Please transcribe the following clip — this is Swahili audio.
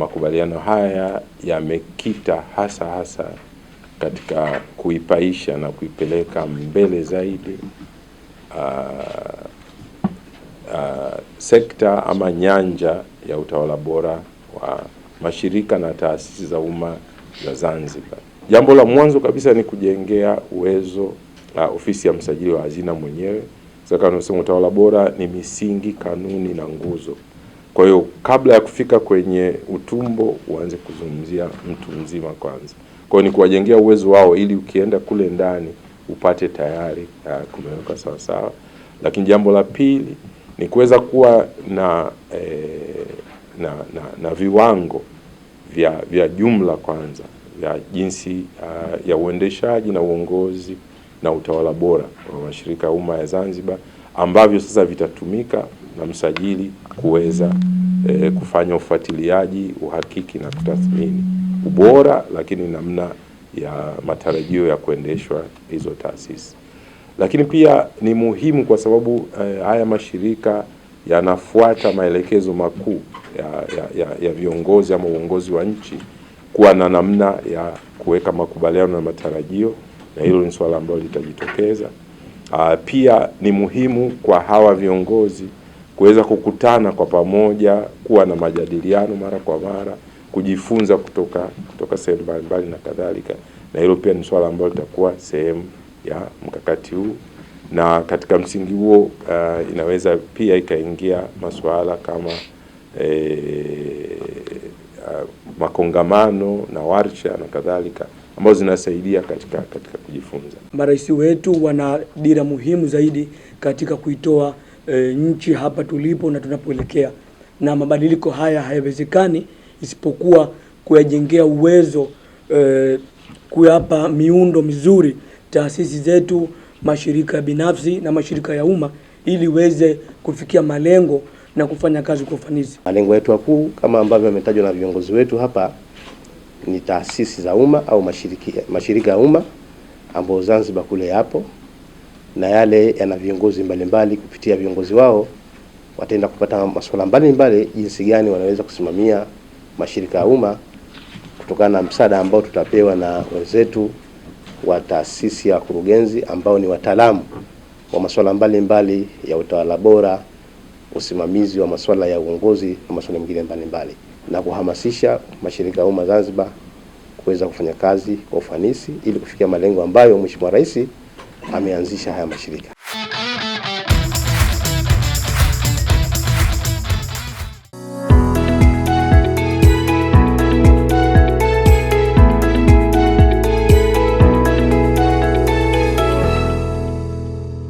Makubaliano haya yamekita hasa hasa katika kuipaisha na kuipeleka mbele zaidi uh, uh, sekta ama nyanja ya utawala bora wa mashirika na taasisi za umma za Zanzibar. Jambo la mwanzo kabisa ni kujengea uwezo uh, ofisi ya msajili wa hazina mwenyewe. Sasa kama tunasema utawala bora ni misingi, kanuni na nguzo. Kwa hiyo kabla ya kufika kwenye utumbo uanze kuzungumzia mtu mzima kwanza. Kwa hiyo ni kuwajengea uwezo wao ili ukienda kule ndani upate tayari eh, kumeweka sawa sawa. Lakini jambo la pili ni kuweza kuwa na, e, na, na, na viwango vya, vya jumla kwanza ya jinsi uh, ya uendeshaji na uongozi na utawala bora wa mashirika ya umma ya Zanzibar ambavyo sasa vitatumika na msajili kuweza e, kufanya ufuatiliaji, uhakiki na kutathmini ubora, lakini namna ya matarajio ya kuendeshwa hizo taasisi. Lakini pia ni muhimu kwa sababu e, haya mashirika yanafuata maelekezo makuu ya, ya, ya, ya viongozi ama uongozi wa nchi kuwa na namna ya kuweka makubaliano na matarajio, na hilo ni suala ambalo litajitokeza. Pia ni muhimu kwa hawa viongozi kuweza kukutana kwa pamoja, kuwa na majadiliano mara kwa mara, kujifunza kutoka kutoka sehemu mbalimbali na kadhalika, na hilo pia ni swala ambalo litakuwa sehemu ya mkakati huu, na katika msingi huo uh, inaweza pia ikaingia masuala kama eh, uh, makongamano na warsha na kadhalika ambazo zinasaidia katika, katika kujifunza. Marais wetu wana dira muhimu zaidi katika kuitoa e, nchi hapa tulipo na tunapoelekea, na mabadiliko haya hayawezekani isipokuwa kuyajengea uwezo e, kuyapa miundo mizuri taasisi zetu, mashirika ya binafsi na mashirika ya umma ili iweze kufikia malengo na kufanya kazi kwa ufanisi. Malengo yetu makuu kama ambavyo yametajwa na viongozi wetu hapa ni taasisi za umma au mashirika ya umma ambayo Zanzibar kule yapo na yale yana viongozi mbalimbali kupitia viongozi wao wataenda kupata masuala mbalimbali, jinsi gani wanaweza kusimamia mashirika ya umma kutokana na msaada ambao tutapewa na wenzetu wa taasisi ya wakurugenzi ambao ni wataalamu wa masuala mbalimbali ya utawala bora, usimamizi wa masuala ya uongozi na masuala mengine mbalimbali, na kuhamasisha mashirika ya umma Zanzibar kuweza kufanya kazi kwa ufanisi ili kufikia malengo ambayo Mheshimiwa Rais ameanzisha haya mashirika.